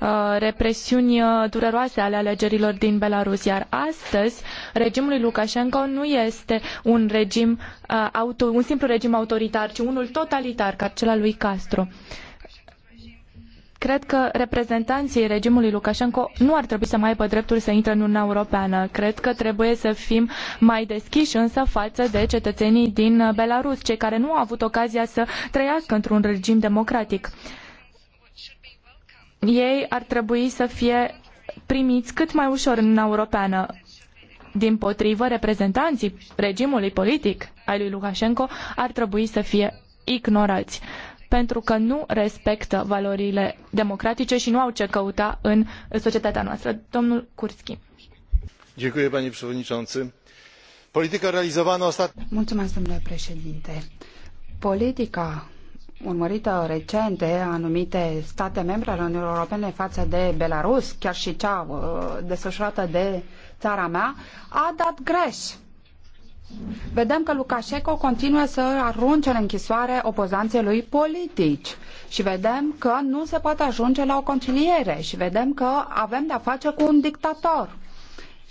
uh, represiuni uh, dureroase ale alegerilor din Belarus. Iar astăzi, regimul lui Lukashenko nu este un, regim, uh, auto, un simplu regim autoritar, ci unul totalitar, ca cel al lui Castro. Cred că reprezentanții regimului Lukashenko nu ar trebui să mai aibă dreptul să intre în Uniunea Europeană. Cred că trebuie să fim mai deschiși însă față de cetățenii din Belarus, cei care nu au avut ocazia să trăiască într-un regim democratic ei ar trebui să fie primiți cât mai ușor în Uniunea Europeană. Din potrivă, reprezentanții regimului politic al lui Lukashenko ar trebui să fie ignorați pentru că nu respectă valorile democratice și nu au ce căuta în societatea noastră. Domnul Kurski. Politica realizată Mulțumesc, domnule președinte. Politica urmărită recent de anumite state membre ale Uniunii Europene față de Belarus, chiar și cea uh, desfășurată de țara mea, a dat greș. Vedem că Lukashenko continuă să arunce în închisoare opozanții lui politici și vedem că nu se poate ajunge la o conciliere și vedem că avem de-a face cu un dictator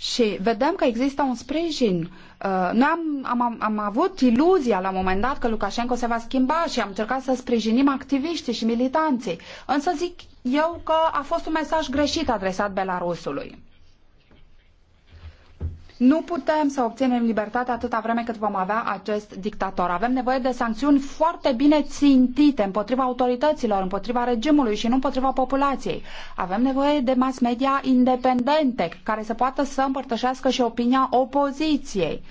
și vedem că există un sprijin. Uh, noi am, am, am avut iluzia la un moment dat că Lukashenko se va schimba și am încercat să sprijinim activiștii și militanții. Însă zic eu că a fost un mesaj greșit adresat Belarusului. Nu putem să obținem libertate atâta vreme cât vom avea acest dictator. Avem nevoie de sancțiuni foarte bine țintite împotriva autorităților, împotriva regimului și nu împotriva populației. Avem nevoie de mass media independente care să poată să împărtășească și opinia opoziției.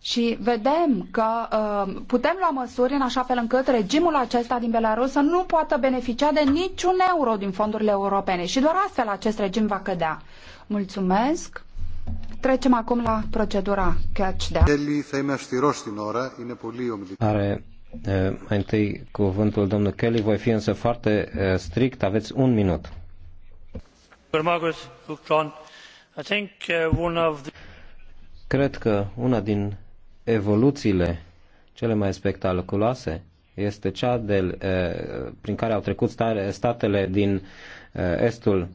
Și vedem că uh, putem lua măsuri în așa fel încât regimul acesta din Belarus să nu poată beneficia de niciun euro din fondurile europene și doar astfel acest regim va cădea. Mulțumesc! Trecem acum la procedura catch de Are mai întâi cuvântul domnul Kelly, voi fi însă foarte strict, aveți un minut. Cred că una din evoluțiile cele mai spectaculoase este cea de, prin care au trecut statele din estul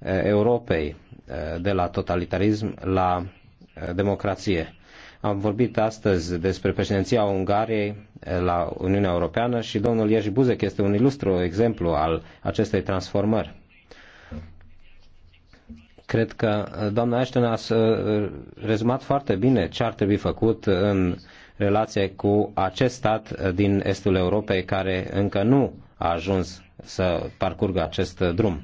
Eh, Europei eh, de la totalitarism la eh, democrație. Am vorbit astăzi despre președinția Ungariei la Uniunea Europeană și domnul Ierzi Buzek este un ilustru exemplu al acestei transformări. Cred că doamna Ashton a rezumat foarte bine ce ar trebui făcut în relație cu acest stat din estul Europei care încă nu a ajuns să parcurgă acest drum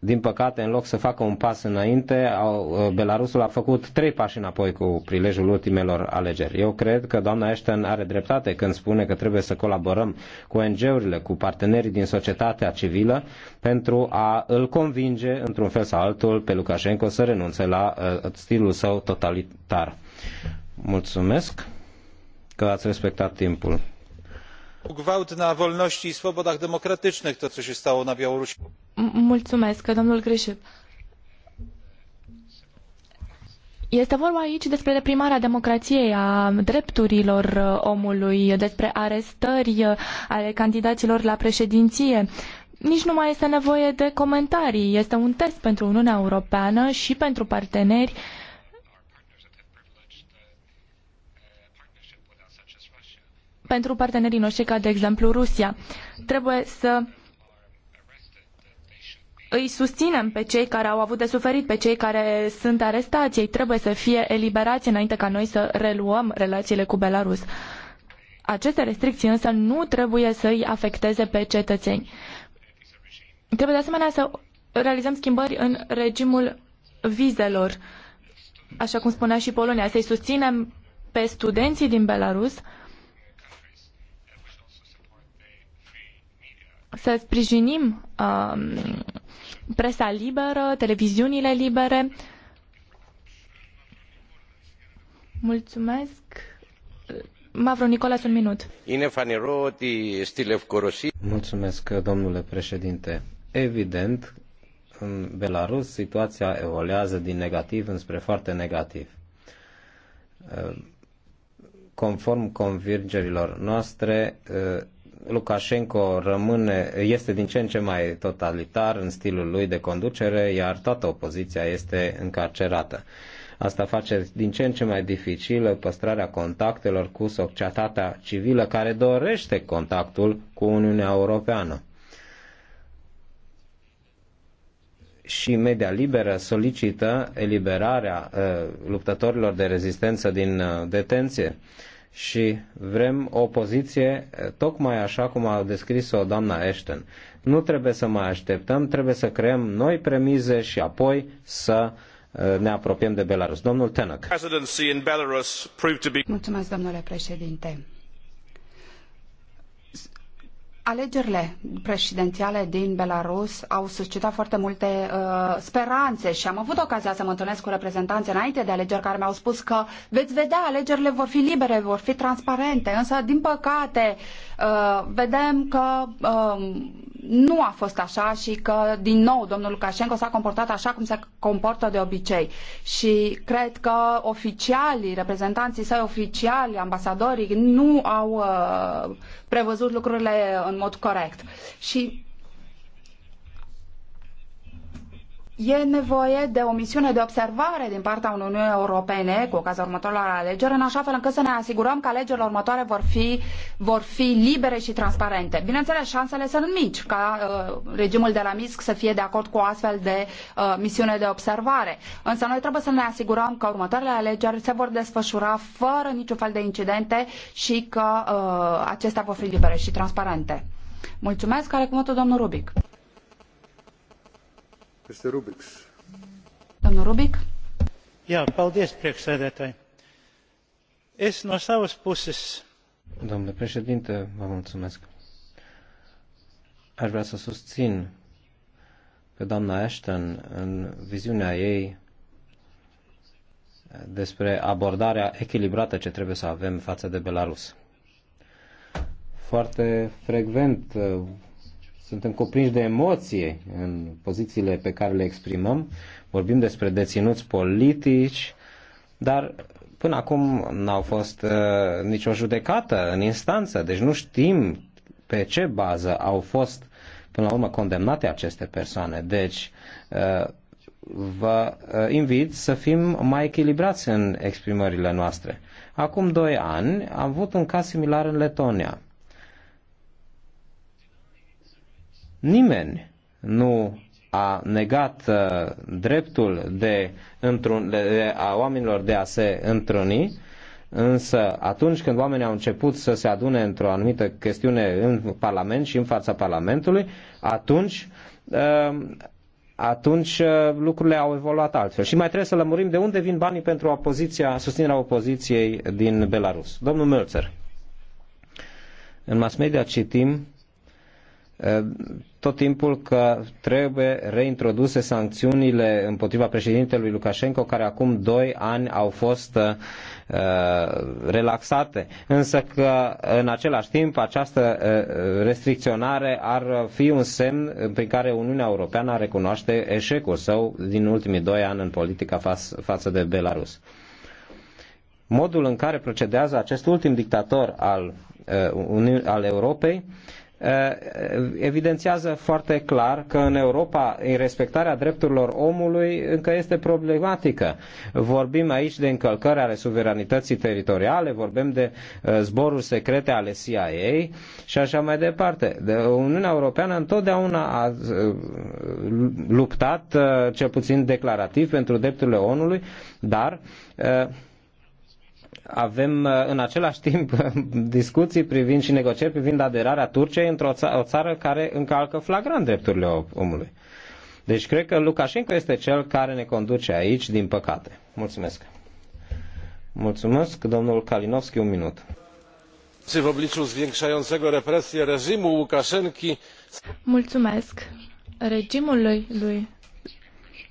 din păcate, în loc să facă un pas înainte, au, uh, Belarusul a făcut trei pași înapoi cu prilejul ultimelor alegeri. Eu cred că doamna Ashton are dreptate când spune că trebuie să colaborăm cu ONG-urile, cu partenerii din societatea civilă, pentru a îl convinge, într-un fel sau altul, pe Lukashenko să renunțe la uh, stilul său totalitar. Mulțumesc că ați respectat timpul gwałt na wolności i swobodach demokratycznych to co się stało na białorusi. Este vorba aici despre reprimarea democrației, a drepturilor uh, omului, despre arestări uh, ale candidaților la președinție. Nici nu mai este nevoie de comentarii. Este un test pentru Uniunea Europeană și pentru parteneri uh, pentru partenerii noștri ca de exemplu Rusia. Trebuie să îi susținem pe cei care au avut de suferit, pe cei care sunt arestați. Ei trebuie să fie eliberați înainte ca noi să reluăm relațiile cu Belarus. Aceste restricții însă nu trebuie să îi afecteze pe cetățeni. Trebuie de asemenea să realizăm schimbări în regimul vizelor, așa cum spunea și Polonia, să-i susținem pe studenții din Belarus să sprijinim uh, presa liberă, televiziunile libere. Mulțumesc. Mavro Nicolas, un minut. Mulțumesc, domnule președinte. Evident, în Belarus situația evoluează din negativ înspre foarte negativ. Uh, conform convingerilor noastre, uh, Lukashenko rămâne, este din ce în ce mai totalitar în stilul lui de conducere, iar toată opoziția este încarcerată. Asta face din ce în ce mai dificilă păstrarea contactelor cu societatea civilă care dorește contactul cu Uniunea Europeană. și media liberă solicită eliberarea uh, luptătorilor de rezistență din uh, detenție. Uh, și vrem o poziție eh, tocmai așa cum a descris-o doamna Ashton. Nu trebuie să mai așteptăm, trebuie să creăm noi premize și apoi să eh, ne apropiem de Belarus. Domnul Tenăc. Mulțumesc, domnule președinte Alegerile președințiale din Belarus au suscitat foarte multe uh, speranțe și am avut ocazia să mă întâlnesc cu reprezentanți înainte de alegeri care mi-au spus că veți vedea, alegerile vor fi libere, vor fi transparente, însă, din păcate, uh, vedem că uh, nu a fost așa și că, din nou, domnul Lukashenko s-a comportat așa cum se comportă de obicei. Și cred că oficialii, reprezentanții săi oficiali, ambasadorii, nu au uh, prevăzut lucrurile în mod corect. Și e nevoie de o misiune de observare din partea Uniunii Europene cu ocazia următoarelor alegeri, în așa fel încât să ne asigurăm că alegerile următoare vor fi, vor fi libere și transparente. Bineînțeles, șansele sunt mici ca uh, regimul de la Minsk să fie de acord cu o astfel de uh, misiune de observare. Însă noi trebuie să ne asigurăm că următoarele alegeri se vor desfășura fără niciun fel de incidente și că uh, acestea vor fi libere și transparente. Mulțumesc, are cuvântul domnul Rubic. Este Rubiks. Domnul Rubik. Jā, paldies, priekšsēdētāji. Es no savas puses. Domnule președinte, vă mulțumesc. Aș vrea să susțin pe doamna Ashton în viziunea ei despre abordarea echilibrată ce trebuie să avem față de Belarus. Foarte frecvent suntem cuprinși de emoție în pozițiile pe care le exprimăm, vorbim despre deținuți politici, dar până acum n-au fost uh, nicio judecată în instanță, deci nu știm pe ce bază au fost până la urmă condemnate aceste persoane. Deci uh, vă uh, invit să fim mai echilibrați în exprimările noastre. Acum doi ani am avut un caz similar în Letonia Nimeni nu a negat uh, dreptul de, întrun, de, a oamenilor de a se întruni, însă atunci când oamenii au început să se adune într-o anumită chestiune în Parlament și în fața Parlamentului, atunci uh, atunci uh, lucrurile au evoluat altfel. Și mai trebuie să lămurim de unde vin banii pentru opoziția, susținerea opoziției din Belarus. Domnul Mölzer, în mass media citim Ehm, tot timpul că trebuie reintroduse sancțiunile împotriva președintelui Lukashenko, care acum doi ani au fost ehm, relaxate. Însă că în același timp această ehm, restricționare ar fi un semn prin care Uniunea Europeană recunoaște eșecul său din ultimii doi ani în politica față de Belarus. Modul în care procedează acest ultim dictator al, al Europei Eh, evidențiază foarte clar că în Europa respectarea drepturilor omului încă este problematică. Vorbim aici de încălcări ale suveranității teritoriale, vorbim de eh, zboruri secrete ale CIA și așa mai departe. De Uniunea Europeană întotdeauna a eh, luptat, cel puțin declarativ, pentru drepturile omului, dar avem uh, în același timp discuții privind și negocieri privind aderarea Turciei într-o o țară care încalcă flagrant drepturile omului. Deci cred că Lukashenko este cel care ne conduce aici, din păcate. Mulțumesc. Mulțumesc, domnul Kalinowski, un minut. Mulțumesc. Regimul lui, lui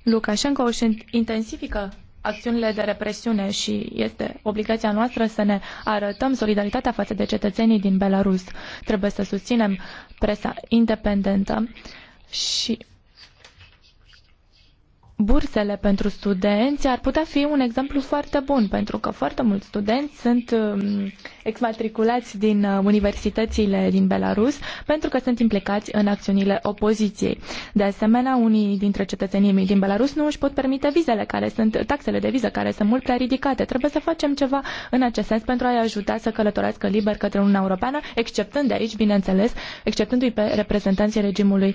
Lukashenko își intensifică acțiunile de represiune și este obligația noastră să ne arătăm solidaritatea față de cetățenii din Belarus. Trebuie să susținem presa independentă și bursele pentru studenți ar putea fi un exemplu foarte bun, pentru că foarte mulți studenți sunt um, exmatriculați din uh, universitățile din Belarus pentru că sunt implicați în acțiunile opoziției. De asemenea, unii dintre cetățenii din Belarus nu își pot permite vizele care sunt, taxele de viză care sunt mult prea ridicate. Trebuie să facem ceva în acest sens pentru a-i ajuta să călătorească liber către Uniunea Europeană, exceptând de aici, bineînțeles, exceptându-i pe reprezentanții regimului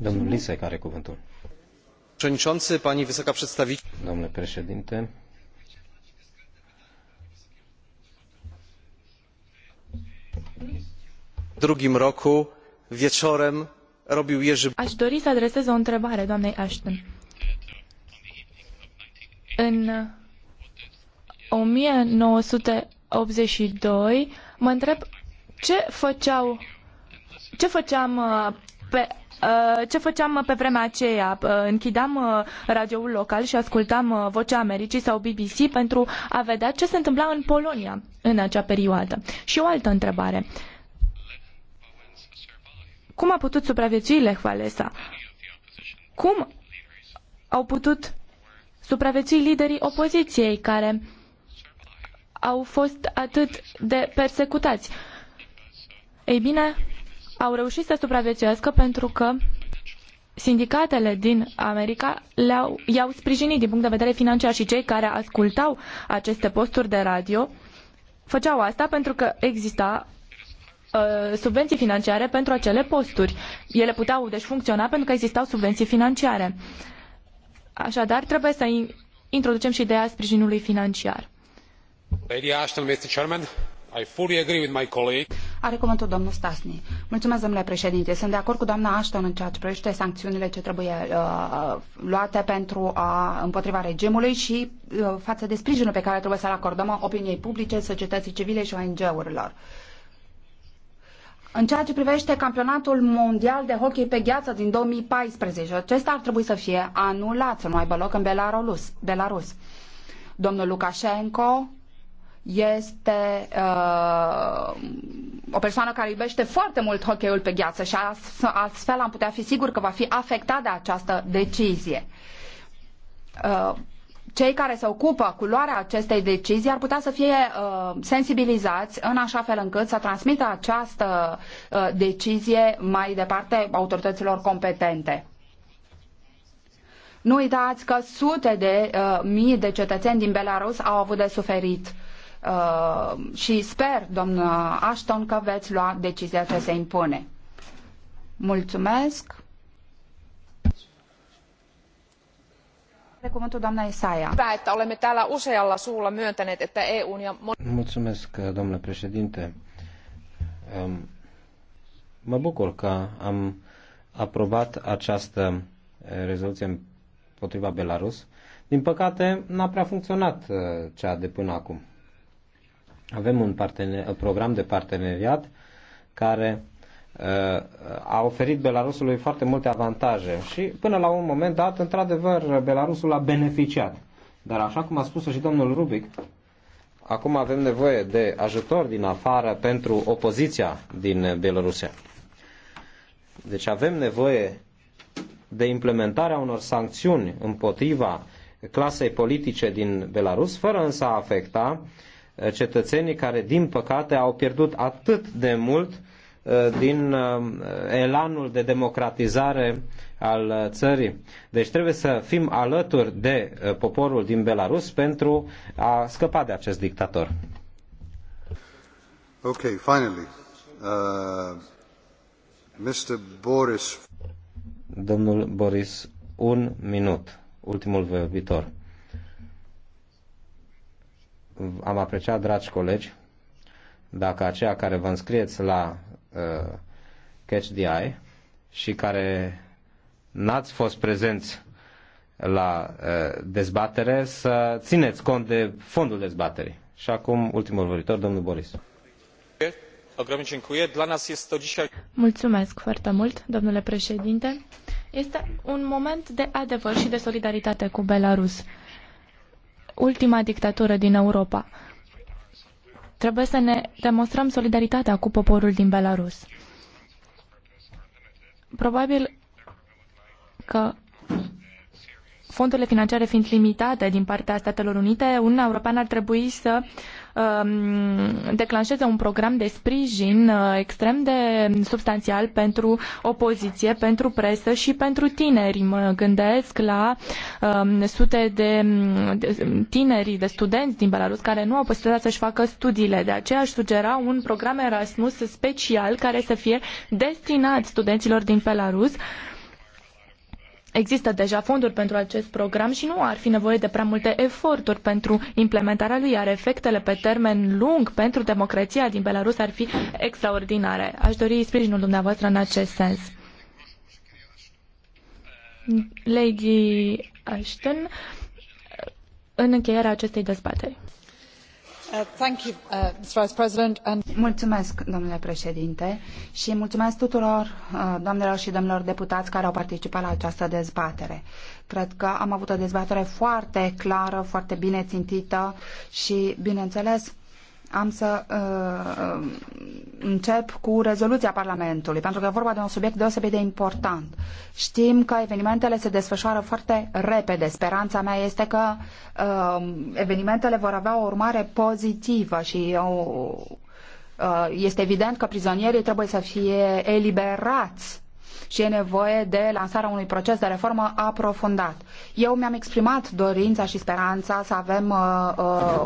Domnule Lise care cuvântul. Domnule președinte, drugim roku wieczorem robił Jerzy... Aș dori să adresez o întrebare doamnei Ashton. În 1982 mă întreb ce făceau ce făceam uh, pe Uh, ce făceam uh, pe vremea aceea? Uh, închideam radioul local și ascultam Vocea Americii sau BBC pentru a vedea ce se întâmpla în Polonia în acea perioadă. Și o altă întrebare. Cum a putut supraviețui Lech Walesa? Cum au putut supraviețui liderii opoziției care au fost atât de persecutați? Ei bine, au reușit să supraviețuiască pentru că sindicatele din America le-au, i-au sprijinit din punct de vedere financiar și cei care ascultau aceste posturi de radio făceau asta pentru că exista uh, subvenții financiare pentru acele posturi. Ele puteau deci funcționa pentru că existau subvenții financiare. Așadar, trebuie să introducem și ideea sprijinului financiar. Lady Ashton, Mr. Chairman. I fully agree with my colleague. Are domnul Stasni. Mulțumesc, domnule președinte. Sunt de acord cu doamna Ashton în ceea ce privește sancțiunile ce trebuie uh, luate pentru a, împotriva regimului și uh, față de sprijinul pe care trebuie să-l acordăm opiniei publice, societății civile și ONG-urilor. În ceea ce privește campionatul mondial de hockey pe gheață din 2014, acesta ar trebui să fie anulat, să nu aibă loc în Belarus. Belarus. Domnul Lukashenko este uh, o persoană care iubește foarte mult hockeyul pe gheață și astfel am putea fi sigur că va fi afectat de această decizie. Uh, cei care se ocupă cu luarea acestei decizii ar putea să fie uh, sensibilizați în așa fel încât să transmită această uh, decizie mai departe autorităților competente. Nu uitați că sute de uh, mii de cetățeni din Belarus au avut de suferit uh, Uh, și sper, domnă Ashton, că veți lua decizia ce se impune. Mulțumesc. Recomandul doamna Isaia. Että olemme täällä usealla suulla myöntäneet, että EUn ja... Mulțumesc, domnule președinte. Um, mă bucur că am aprobat această eh, rezoluție împotriva Belarus. Din păcate, n-a prea funcționat eh, cea de până acum. Avem un partener, program de parteneriat care uh, a oferit Belarusului foarte multe avantaje și până la un moment dat, într-adevăr, Belarusul a beneficiat. Dar așa cum a spus și domnul Rubic, acum avem nevoie de ajutor din afară pentru opoziția din Belarusia. Deci avem nevoie de implementarea unor sancțiuni împotriva clasei politice din Belarus, fără însă a afecta uh, cetățenii care, din păcate, au pierdut atât de mult uh, din uh, elanul de democratizare al uh, țării. Deci trebuie să fim alături de poporul din Belarus pentru a scăpa de acest dictator. Ok, finally. Uh, Mr. Boris. Domnul Boris, un minut. Ultimul vorbitor am apreciat, dragi colegi, dacă aceia care vă înscrieți la uh, Catch the Eye și care n-ați fost prezenți la uh, dezbatere, să țineți cont de fondul dezbaterii. Și acum, ultimul vorbitor, domnul Boris. Mulțumesc foarte mult, domnule președinte. Este un moment de adevăr și de solidaritate cu Belarus ultima dictatură din Europa. Trebuie să ne demonstrăm solidaritatea cu poporul din Belarus. Probabil că fondurile financiare fiind limitate din partea Statelor Unite, Uniunea Europeană ar trebui să Um, declanșeze un program de sprijin uh, extrem de substanțial pentru opoziție, pentru presă și pentru tineri. Mă gândesc la um, sute de tineri, de studenți din Belarus care nu au posibilitatea să-și facă studiile. De aceea aș sugera un program Erasmus special care să fie destinat studenților din Belarus Există deja fonduri pentru acest program și nu ar fi nevoie de prea multe eforturi pentru implementarea lui, iar efectele pe termen lung pentru democrația din Belarus ar fi extraordinare. Aș dori sprijinul dumneavoastră în acest sens. Lady Ashton, în încheierea acestei dezbateri. Uh, uh, mulțumesc, domnule președinte, și mulțumesc tuturor uh, doamnelor și domnilor deputați care au participat la această dezbatere. Cred că am avut o dezbatere foarte clară, foarte bine țintită și, bineînțeles, am să uh, uh, încep cu rezoluția Parlamentului, pentru că e vorba de un subiect deosebit de important. Știm că evenimentele se desfășoară foarte repede. Speranța mea este că uh, evenimentele vor avea o urmare pozitivă și o, uh, uh, este evident că prizonierii trebuie să fie eliberați și e nevoie de lansarea unui proces de reformă aprofundat. Eu mi-am exprimat dorința și speranța să avem uh, uh,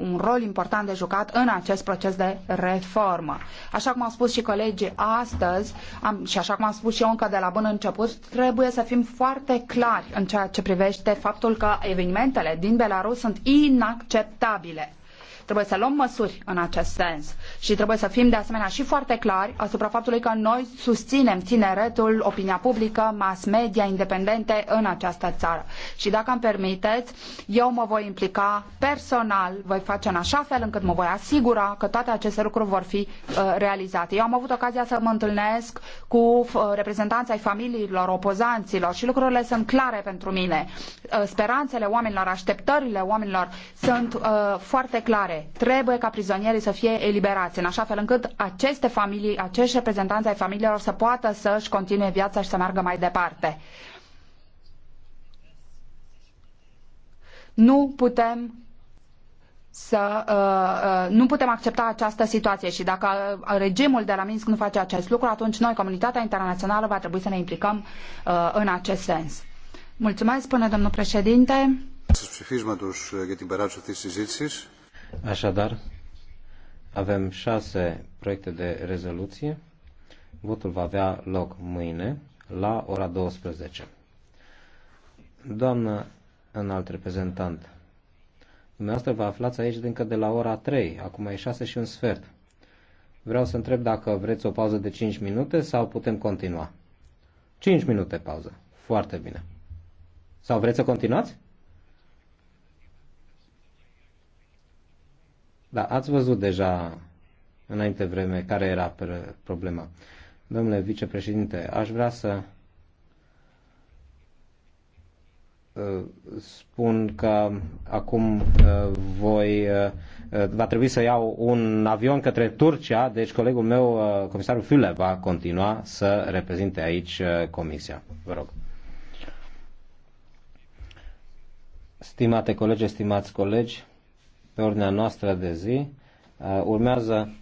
un rol important de jucat în acest proces de reformă. Așa cum au spus și colegii astăzi am, și așa cum am spus și eu încă de la bun început, trebuie să fim foarte clari în ceea ce privește faptul că evenimentele din Belarus sunt inacceptabile Trebuie să luăm măsuri în acest sens și trebuie să fim de asemenea și foarte clari asupra faptului că noi susținem tineretul, opinia publică, mass media independente în această țară. Și dacă îmi permiteți, eu mă voi implica personal, voi face în așa fel încât mă voi asigura că toate aceste lucruri vor fi uh, realizate. Eu am avut ocazia să mă întâlnesc cu uh, reprezentanța ai familiilor, opozanților și lucrurile sunt clare pentru mine. Uh, speranțele oamenilor, așteptările oamenilor sunt uh, foarte clare care Trebuie ca prizonierii să fie eliberați, în așa fel încât aceste familii, acești reprezentanți ai familiilor să poată să-și continue viața și să meargă mai departe. Nu putem să uh, uh, nu putem accepta această situație și dacă uh, regimul de la Minsk nu face acest lucru, atunci noi, comunitatea internațională, va trebui să ne implicăm uh, în acest sens. Mulțumesc, spune domnul președinte. Să ψηφίσματος Așadar, avem șase proiecte de rezoluție. Votul va avea loc mâine la ora 12. Doamnă înalt reprezentant, dumneavoastră vă aflați aici încă de la ora 3, acum e 6 și un sfert. Vreau să întreb dacă vreți o pauză de 5 minute sau putem continua. 5 minute pauză. Foarte bine. Sau vreți să continuați? Da, ați văzut deja înainte vreme care era problema. Domnule vicepreședinte, aș vrea să uh, spun că acum uh, voi uh, va trebui să iau un avion către Turcia, deci colegul meu, comisarul Füle va continua să reprezinte aici comisia. Vă rog. Stimate colegi, stimați colegi, pe ordinea noastră de zi. Uh, urmează